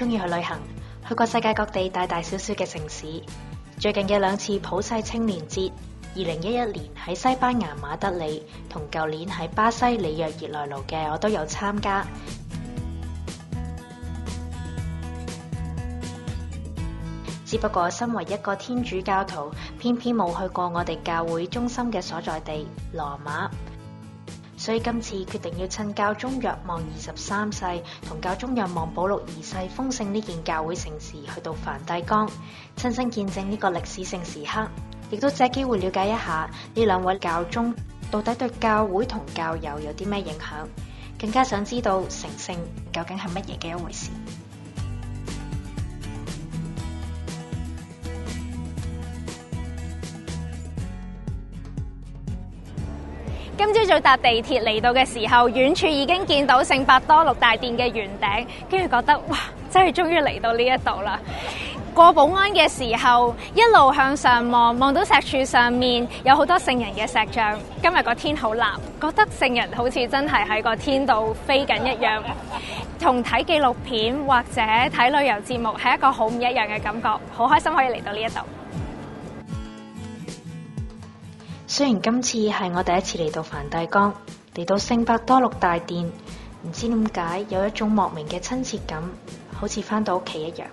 中意去旅行，去過世界各地大大小小嘅城市。最近嘅兩次普世青年節，二零一一年喺西班牙馬德里，同舊年喺巴西里約熱內盧嘅，我都有參加。只不過身為一個天主教徒，偏偏冇去過我哋教會中心嘅所在地羅馬。所以今次決定要趁教宗若望二十三世同教宗若望保禄二世封聖，呢件教會盛事去到梵蒂岡，親身見證呢個歷史性時刻，亦都借機會了解一下呢兩位教宗到底對教會同教友有啲咩影響，更加想知道成聖究竟係乜嘢嘅一回事。今朝早搭地鐵嚟到嘅時候，遠處已經見到聖伯多祿大殿嘅圓頂，跟住覺得哇，真係終於嚟到呢一度啦！過保安嘅時候，一路向上望，望到石柱上面有好多聖人嘅石像。今日個天好藍，覺得聖人好似真係喺個天度飛緊一樣，同睇紀錄片或者睇旅遊節目係一個好唔一樣嘅感覺，好開心可以嚟到呢一度。雖然今次係我第一次嚟到梵蒂岡，嚟到聖伯多祿大殿，唔知點解有一種莫名嘅親切感，好似翻到屋企一樣。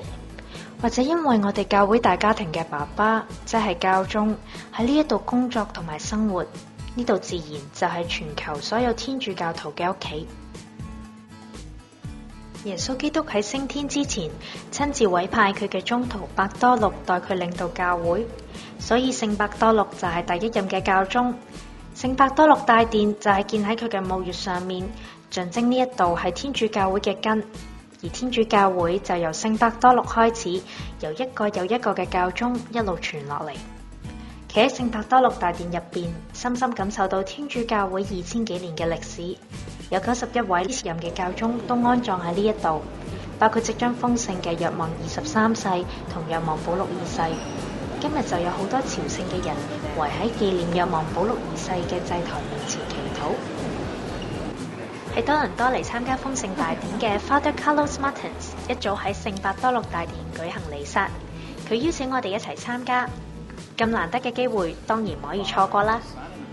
或者因為我哋教會大家庭嘅爸爸，即係教宗喺呢一度工作同埋生活，呢度自然就係全球所有天主教徒嘅屋企。耶穌基督喺升天之前，親自委派佢嘅宗徒伯多祿代佢領導教會。所以聖伯多祿就係第一任嘅教宗，聖伯多祿大殿就係建喺佢嘅墓穴上面，象徵呢一度係天主教會嘅根，而天主教會就由聖伯多祿開始，由一個又一個嘅教宗一路傳落嚟。企喺聖伯多祿大殿入邊，深深感受到天主教會二千幾年嘅歷史，有九十一位前任嘅教宗都安葬喺呢一度，包括即將封聖嘅若望二十三世同若望保祿二世。今日就有好多朝聖嘅人圍喺紀念若望保祿二世嘅祭台面前祈禱。喺 多倫多嚟參加封聖大典嘅 Father Carlos Martins 一早喺聖伯多祿大殿舉行彌撒，佢邀請我哋一齊參加。咁難得嘅機會當然唔可以錯過啦。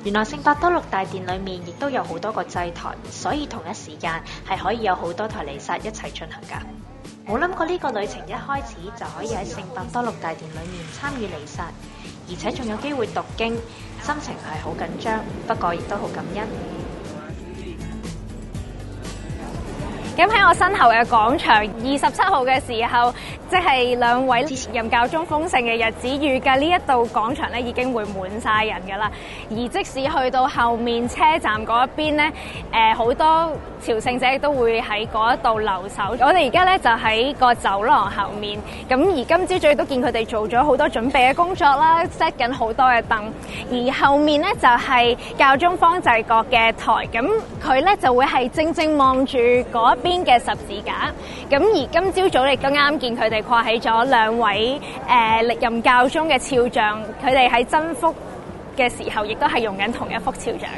原來聖伯多祿大殿裏面亦都有好多個祭台，所以同一時間係可以有好多台彌撒一齊進行㗎。冇諗過呢個旅程一開始就可以喺聖伯多祿大殿裏面參與彌撒，而且仲有機會讀經，心情係好緊張，不過亦都好感恩。咁喺我身後嘅廣場，二十七號嘅時候，即係兩位任教宗封聖嘅日子，預計呢一度廣場咧，已經會滿晒人㗎啦。而即使去到後面車站嗰一邊咧，誒好多朝聖者都會喺嗰一度留守。我哋而家咧，就喺個走廊後面，咁而今朝早亦都見佢哋做咗好多準備嘅工作啦，set 緊好多嘅凳。而後面咧，就係教宗方濟各嘅台，咁佢咧，就會係正正望住嗰一邊嘅十字架。咁而今朝早亦都啱見佢哋。掛起咗兩位誒、呃、歷任教宗嘅肖像，佢哋喺增幅嘅時候，亦都係用緊同一幅肖像。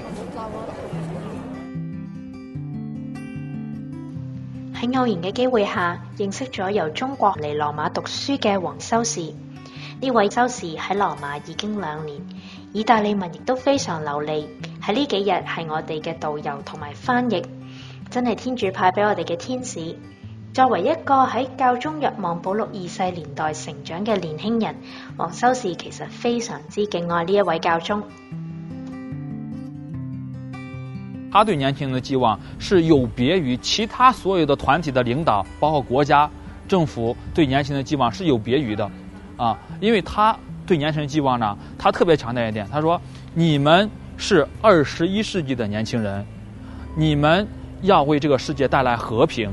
喺偶然嘅機會下，認識咗由中國嚟羅馬讀書嘅黃修士。呢位修士喺羅馬已經兩年，意大利文亦都非常流利。喺呢幾日係我哋嘅導遊同埋翻譯，真係天主派俾我哋嘅天使。作為一個喺教宗若望保祿二世年代成長嘅年輕人，王修士其實非常之敬愛呢一位教宗。他對年輕人的寄望是有別於其他所有的團體的領導，包括國家、政府對年輕人的寄望是有別於的。啊，因為他對年輕人寄望呢，他特別強調一點，他說：你們是二十一世紀的年輕人，你們要為這個世界帶來和平。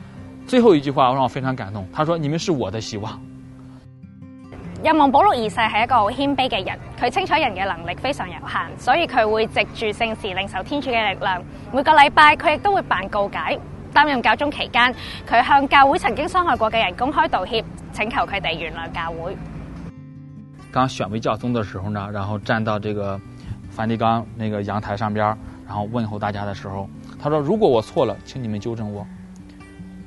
最後一句話讓我非常感動。他說：“你們是我的希望。”若望保祿二世是一個好謙卑嘅人，佢清楚人嘅能力非常有限，所以佢會藉住聖事領受天主嘅力量。每個禮拜佢亦都會辦告解。擔任教宗期間，佢向教會曾經傷害過嘅人公開道歉，請求佢哋原諒教會。剛選為教宗的時候呢，然後站到這個梵蒂岡那個陽台上邊，然後問候大家的時候，他說：“如果我錯了，請你們糾正我。”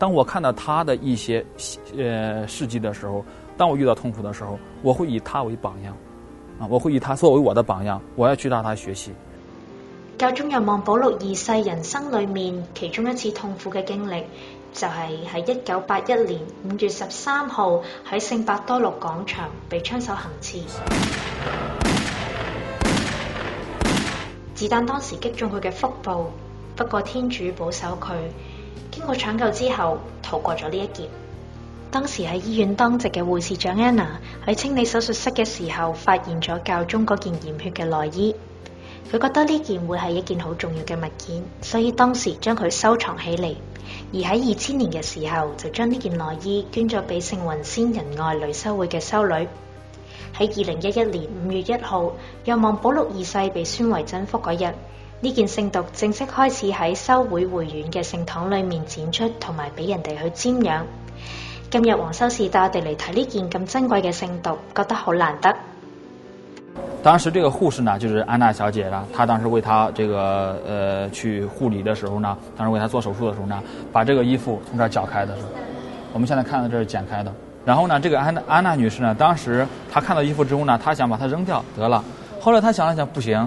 當我看到他的一些呃事跡的時候，當我遇到痛苦的時候，我會以他為榜樣，啊，我會以他作為我的榜樣，我要去向他學習。教宗若望保祿二世人生裏面，其中一次痛苦嘅經歷，就係喺一九八一年五月十三號喺聖伯多祿廣場被槍手行刺，子彈當時擊中佢嘅腹部，不過天主保守佢。經過搶救之後，逃過咗呢一劫。當時喺醫院當值嘅護士長安娜喺清理手術室嘅時候，發現咗教宗嗰件染血嘅內衣。佢覺得呢件會係一件好重要嘅物件，所以當時將佢收藏起嚟。而喺二千年嘅時候，就將呢件內衣捐咗俾聖雲先仁愛女修會嘅修女。喺二零一一年五月一號，若望保祿二世被宣為真福嗰日，呢件聖毒正式開始喺修會會員嘅聖堂裏面展出，同埋俾人哋去瞻仰。今日黃修士帶我哋嚟睇呢件咁珍貴嘅聖毒，覺得好難得。當時這個護士呢，就是安娜小姐啦。她當時為她這個，呃，去護理的時候呢，當時為她做手術的時候呢，把這個衣服從這剪開的時候。我們現在看到這是剪開的。然後呢，這個安娜安娜女士呢，當時她看到衣服之後呢，她想把它扔掉，得了。後來她想了想，不行。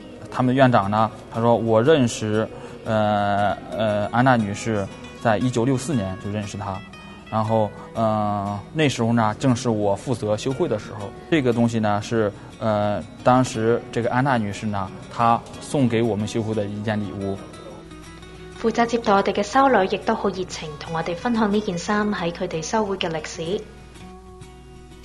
他們院長呢？他說我認識，呃呃，安娜女士，在一九六四年就認識她，然後嗯、呃，那時候呢，正是我負責修會的時候。這個東西呢是，呃，當時這個安娜女士呢，她送給我們修會的一件禮物。負責接待我哋嘅修女亦都好熱情，同我哋分享呢件衫喺佢哋修會嘅歷史。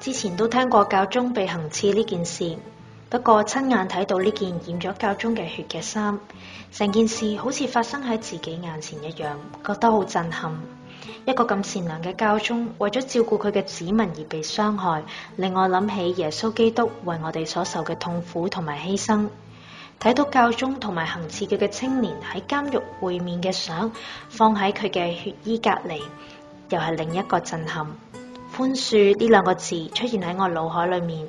之前都聽過教宗被行刺呢件事，不過親眼睇到呢件染咗教宗嘅血嘅衫，成件事好似發生喺自己眼前一樣，覺得好震撼。一個咁善良嘅教宗為咗照顧佢嘅子民而被傷害，令我諗起耶穌基督為我哋所受嘅痛苦同埋犧牲。睇到教宗同埋行刺佢嘅青年喺監獄會面嘅相，放喺佢嘅血衣隔籬，又係另一個震撼。寬恕呢兩個字出現喺我腦海裏面，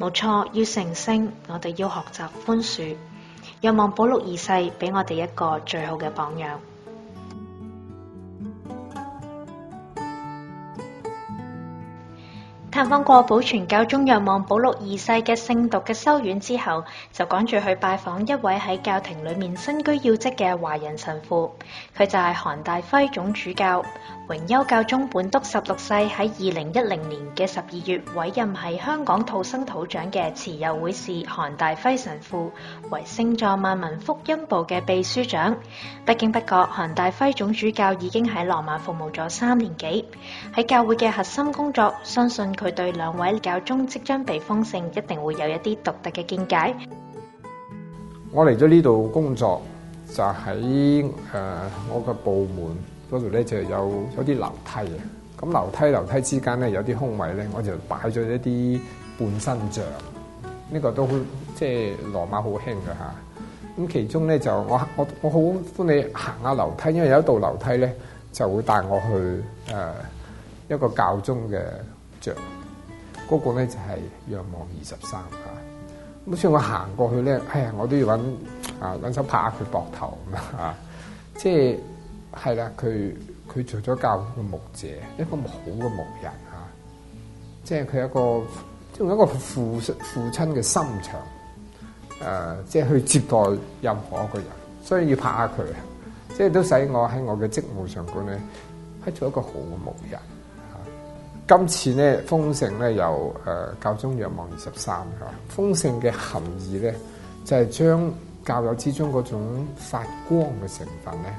冇錯，要成聲，我哋要學習寬恕，若望保禄二世俾我哋一個最好嘅榜樣。探訪過保存教宗若望保祿二世嘅聖髑嘅修院之後，就趕住去拜訪一位喺教廷裏面身居要職嘅華人神父，佢就係韓大輝總主教，榮休教宗本篤十六世喺二零一零年嘅十二月委任喺香港土生土長嘅慈幼會士韓大輝神父為聖座萬民福音部嘅秘書長。不經不覺，韓大輝總主教已經喺羅馬服務咗三年幾，喺教會嘅核心工作，相信佢。佢對兩位教宗即將被封聖，一定會有一啲獨特嘅見解。我嚟咗呢度工作，就喺誒、呃、我嘅部門嗰度咧，就有有啲樓梯。咁樓梯樓梯之間咧有啲空位咧，我就擺咗一啲半身像。呢、這個都即係、就是、羅馬好興噶吓。咁、啊、其中咧就我我我好歡喜行下樓梯，因為有一道樓梯咧就會帶我去誒、呃、一個教宗嘅。着嗰個咧就係仰望二十三吓，好似我行過去咧，哎呀，我都要揾啊，揾手拍下佢膊頭咁啊！即係係啦，佢佢做咗教會嘅牧者，一個好嘅牧人吓、啊，即係佢一個仲有一個父父親嘅心腸誒、啊，即係去接待任何一個人，所以要拍下佢，啊，即係都使我喺我嘅職務上邊咧，係做一個好嘅牧人。今次咧豐盛咧由誒教宗若望二十三嚇，豐盛嘅含義咧就係、是、將教友之中嗰種發光嘅成分咧，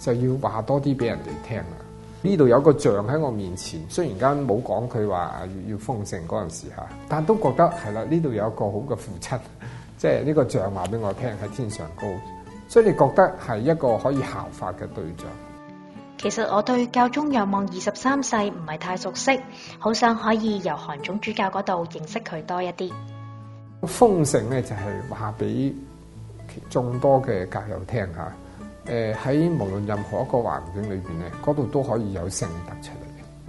就要話多啲俾人哋聽啊！呢度有個像喺我面前，雖然間冇講佢話要豐盛嗰陣時嚇，但都覺得係啦，呢度有一個好嘅父親，即係呢個像話俾我聽喺天上高，所以你覺得係一個可以效法嘅對象。其實我對教宗若望二十三世唔係太熟悉，好想可以由韓總主教嗰度認識佢多一啲。封聖咧就係話俾眾多嘅教友聽吓，誒喺無論任何一個環境裏邊咧，嗰度都可以有聖德出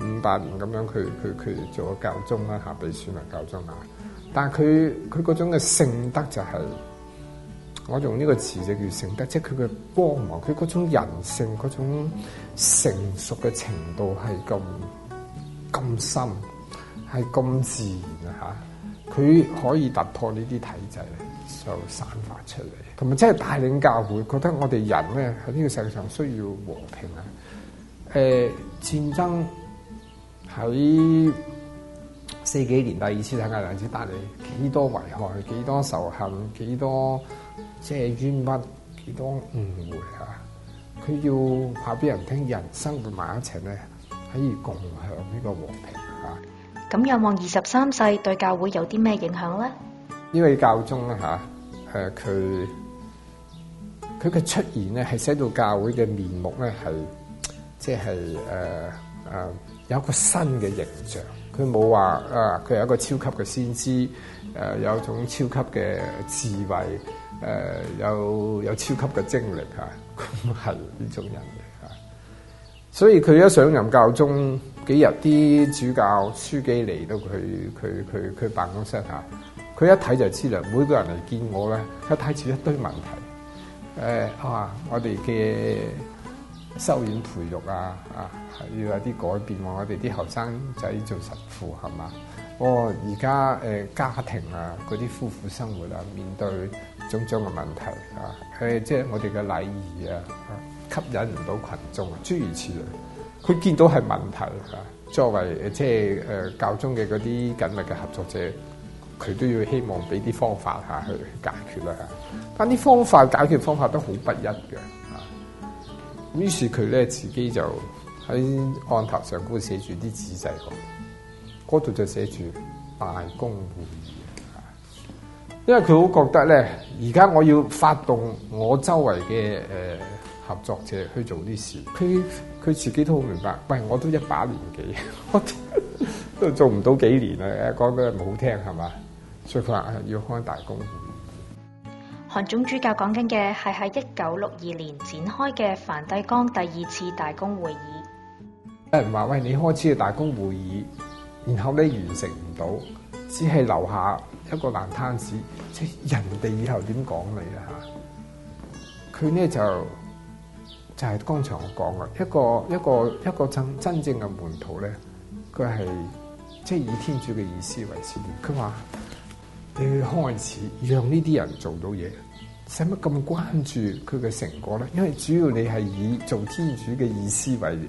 嚟。五八年咁樣佢，佢佢佢做咗教宗啦，下俾選為教宗啦，但係佢佢嗰種嘅聖德就係、是。我用呢個詞就叫聖德，即係佢嘅光芒，佢嗰種人性、嗰種成熟嘅程度係咁咁深，係咁自然吓，佢可以突破呢啲體制咧，就散發出嚟，同埋即係帶領教會，覺得我哋人咧喺呢個世界上需要和平啊！誒、呃，戰爭喺四幾年第二次世界大戰帶嚟幾多危害，幾多仇恨，幾多？即係冤屈，幾多誤會吓，佢要話俾人聽，人生同埋一齊咧可以共享呢個和平吓。咁若望二十三世對教會有啲咩影響咧？呢位教宗咧吓，誒，佢佢嘅出現咧係使到教會嘅面目咧係即係誒、誒有一個新嘅形象。佢冇話誒佢有一個超級嘅先知誒、啊，有一種超級嘅智慧。誒、呃，有有超級嘅精力吓，係、啊、呢種人嚟吓、啊。所以佢一上任教宗幾日，啲主教書記嚟到佢佢佢佢辦公室吓，佢、啊、一睇就知啦。每個人嚟見我咧，佢睇住一堆問題。誒啊，啊，我哋嘅修院培育啊啊，要有啲改變、啊。我哋啲後生仔做神父係嘛，我而家誒家庭啊，嗰啲夫婦生活啊，面對，種種嘅問題啊，誒，即係我哋嘅禮儀啊，啊吸引唔到群眾，諸如此類。佢見到係問題啊，作為即係誒教宗嘅嗰啲緊密嘅合作者，佢都要希望俾啲方法嚇，啊，去解決啦，啊。但啲方法解決方法都好不一樣啊。於是佢咧自己就喺案頭上高寫住啲紙仔，嗰度就寫住辦公會。因為佢好覺得咧，而家我要發動我周圍嘅誒、呃、合作者去做啲事，佢佢自己都好明白，喂，我都一把年紀，我都， 都做唔到幾年啦，講得唔好聽係嘛，所以佢話要開大公會。韓總主教講緊嘅係喺一九六二年展開嘅梵蒂岡第二次大公會議，人話喂，你開始嘅大公會議，然後咧完成唔到。只係留下一個爛攤子，即係人哋以後點講你啊？佢咧就就係、是、剛才我講嘅一個一個一個真真正嘅門徒咧，佢係即係以天主嘅意思為先。佢話你去開始讓呢啲人做到嘢，使乜咁關注佢嘅成果咧？因為主要你係以做天主嘅意思為。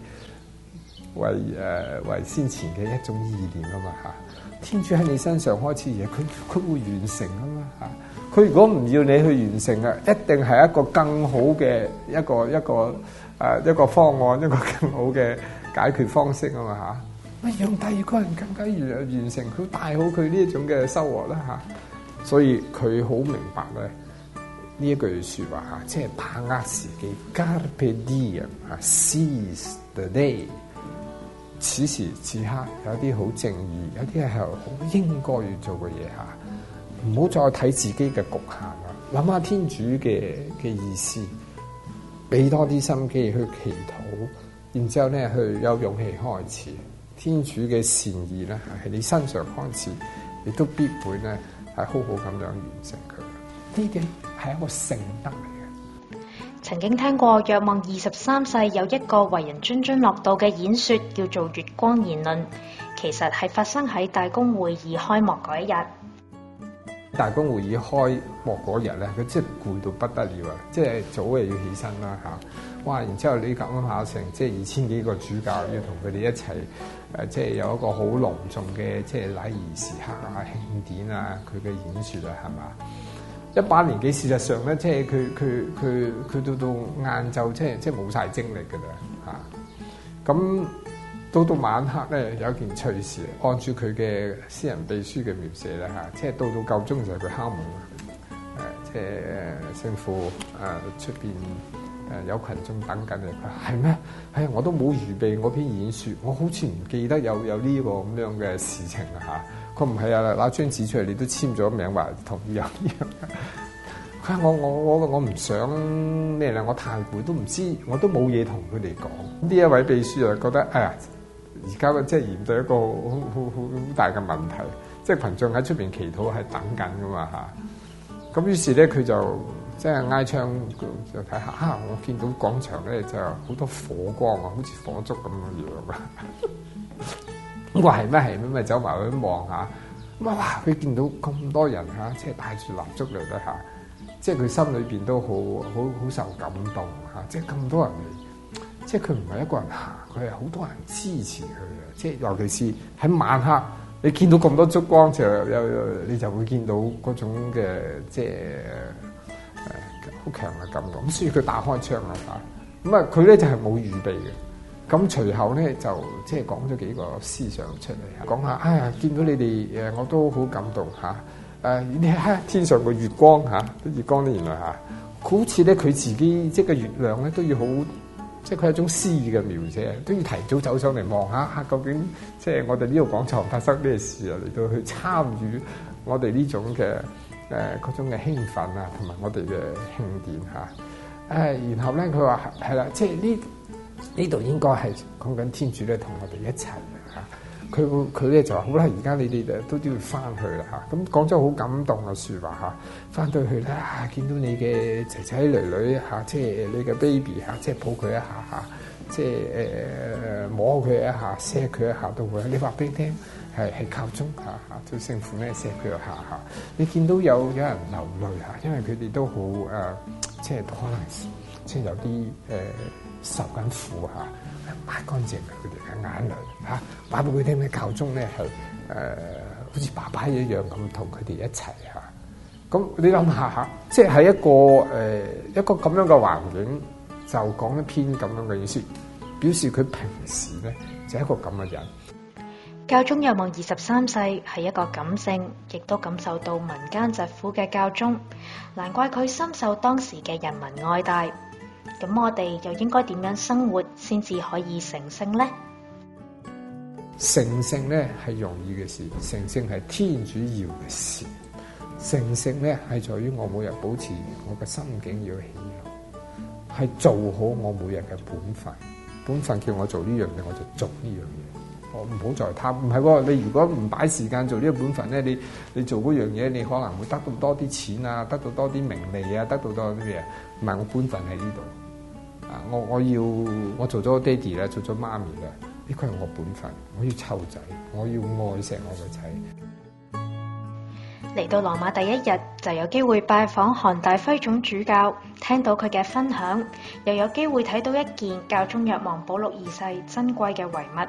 為，呃、為先前嘅一種意念啊嘛嚇，天主喺你身上開始嘢，佢佢會完成啊嘛嚇。佢如果唔要你去完成啊，一定係一個更好嘅一個一個、呃、一個方案，一個更好嘅解決方式啊嘛嚇。咪讓第二個人更加完完成佢帶好佢呢一種嘅收穫啦、啊、所以佢好明白嘅呢一句説話嚇，即係把握時機，carpe diem 嚇，seize the day。 此時此刻有啲好正義，有啲係好應該要做嘅嘢吓，唔好再睇自己嘅局限喇！諗下天主嘅嘅意思，俾多啲心機去祈禱，然之後咧去有勇氣開始。天主嘅善意咧喺你身上開始，亦都必會咧係好好咁樣完成佢。呢啲係一個聖德。曾經聽過若望二十三世有一個為人津津樂道嘅演說，叫做《月光言論》。其實係發生喺大公會議開幕嗰一日。大公會議開幕嗰日咧，佢真係攰到不得了啊！即係早就要起身啦吓，哇！然之後你咁樣考成即係二千幾個主教要同佢哋一齊誒、啊，即係有一個好隆重嘅即係禮儀時刻啊、慶典啊，佢嘅演説啊，係嘛？一把年紀，事實上咧，即係佢佢佢佢到到晏晝，即係即係冇晒精力㗎喇，嚇、啊！咁到到晚黑咧，有一件趣事，按住佢嘅私人秘書嘅描寫咧，嚇、啊，即係到到夠鐘就係佢敲門，誒、啊，即係姓傅啊，出邊。啊誒有群眾等緊你。佢話係咩？係，哎，我都冇預備，我篇演説，我好似唔記得有有呢個咁樣嘅事情啊！嚇，佢唔係啊，嗱張紙出嚟，你都簽咗名，話同意啊！佢話我我我我唔想咩咧，我太攰，都唔知，我都冇嘢同佢哋講。呢一位秘書就覺得哎呀，而家即係面對一個好好好大嘅問題，即係群眾喺出邊祈禱係等緊噶嘛嚇。咁於是咧，佢就。即係挨窗就睇下，啊！我見到廣場咧，就好多火光像火哈哈啊，好似火燭咁嘅樣啊！咁話係咩？係咩？咪走埋去望下。咁哇！佢見到咁多人嚇，即係帶住蠟燭嚟得下。即係佢心裏邊都好好好受感動嚇、啊。即係咁多人嚟，即係佢唔係一個人行，佢係好多人支持佢嘅。即係尤其是喺晚黑，你見到咁多燭光，就有，有你就會見到嗰種嘅即係。好強嘅感覺，咁所以佢打開窗啊，咁啊佢咧就係冇預備嘅，咁隨後咧就即係講咗幾個思想出嚟，講下，哎呀，見到你哋誒，我都好感動吓，誒、啊，天上嘅月光吓，啲、啊、月光咧原來吓、啊，好似咧佢自己即係月亮咧都要好，即係佢係一種詩意嘅描寫，都要提早走上嚟望下吓，究竟即係我哋呢度廣場發生咩事啊，嚟到去參與我哋呢種嘅。誒嗰、啊、種嘅興奮啊，同埋我哋嘅慶典嚇、啊，誒、啊、然後咧佢話係啦，即係呢呢度應該係講緊天主咧同我哋一齊啊，佢會佢咧就話好啦，而家你哋都都要翻去啦嚇，咁講咗好感動嘅説話嚇，翻、啊、到去咧、啊、見到你嘅仔仔女女嚇、啊，即係你嘅 baby 嚇、啊，即係抱佢一下嚇，即係誒摸佢一下，錫、啊、佢一,一下都會，你話俾我聽。係係教宗嚇、啊、嚇，做聖父咧錫佢下下。你見到有有人流淚嚇，因為佢哋都好誒、呃，即係可能即係有啲誒、呃、受緊苦嚇，抹、啊、乾淨佢哋嘅眼淚嚇，話俾佢聽咧，教宗咧係誒，好似爸爸一樣咁同佢哋一齊嚇。咁、啊、你諗下嚇，即係喺一個誒、呃、一個咁樣嘅環境，就講一篇咁樣嘅意思，表示佢平時咧就係一個咁嘅人。教宗若望二十三世係一個感性，亦都感受到民間疾苦嘅教宗，難怪佢深受當時嘅人民愛戴。咁我哋又應該點樣生活先至可以成聖呢？成聖咧，係容易嘅事，成聖係天主要嘅事。成聖咧，係在於我每日保持我嘅心境要喜樂，係做好我每日嘅本份，本份叫我做呢樣嘢，我就做呢樣嘢。我唔好再貪唔係喎。你如果唔擺時間做呢個本份咧，你你做嗰樣嘢，你可能會得到多啲錢啊，得到多啲名利啊，得到多啲乜嘢？唔係我本份喺呢度啊！我我要我做咗爹哋咧，做咗媽咪喇，呢個係我本份。我要湊仔，我要愛錫我嘅仔。嚟到羅馬第一日就有機會拜訪韓大輝總主教，聽到佢嘅分享，又有機會睇到一件教宗若望保祿二世珍貴嘅遺物。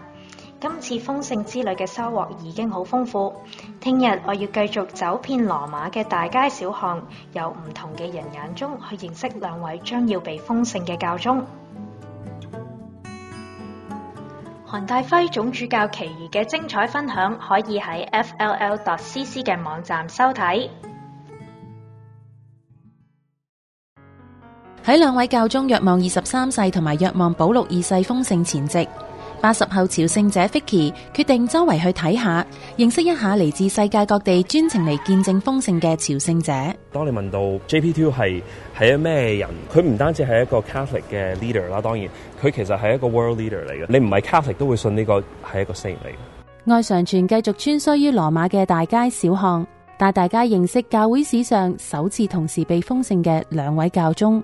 今次封聖之旅嘅收穫已經好豐富，聽日我要繼續走遍羅馬嘅大街小巷，由唔同嘅人眼中去認識兩位將要被封聖嘅教宗。韓大輝總主教其餘嘅精彩分享可以喺 fll.cc 嘅網站收睇。喺兩位教宗，若望二十三世同埋若望保禄二世封聖前夕。八十後朝聖者 Ficky 決定周圍去睇下，認識一下嚟自世界各地專程嚟見證封聖嘅朝聖者。當你問到 J P Two 係係一咩人？佢唔單止係一個 Catholic 嘅 leader 啦，當然佢其實係一個 world leader 嚟嘅。你唔係 Catholic 都會信呢個係一個 saint 嚟嘅。愛上傳繼續穿梭於羅馬嘅大街小巷，帶大家認識教會史上首次同時被封聖嘅兩位教宗。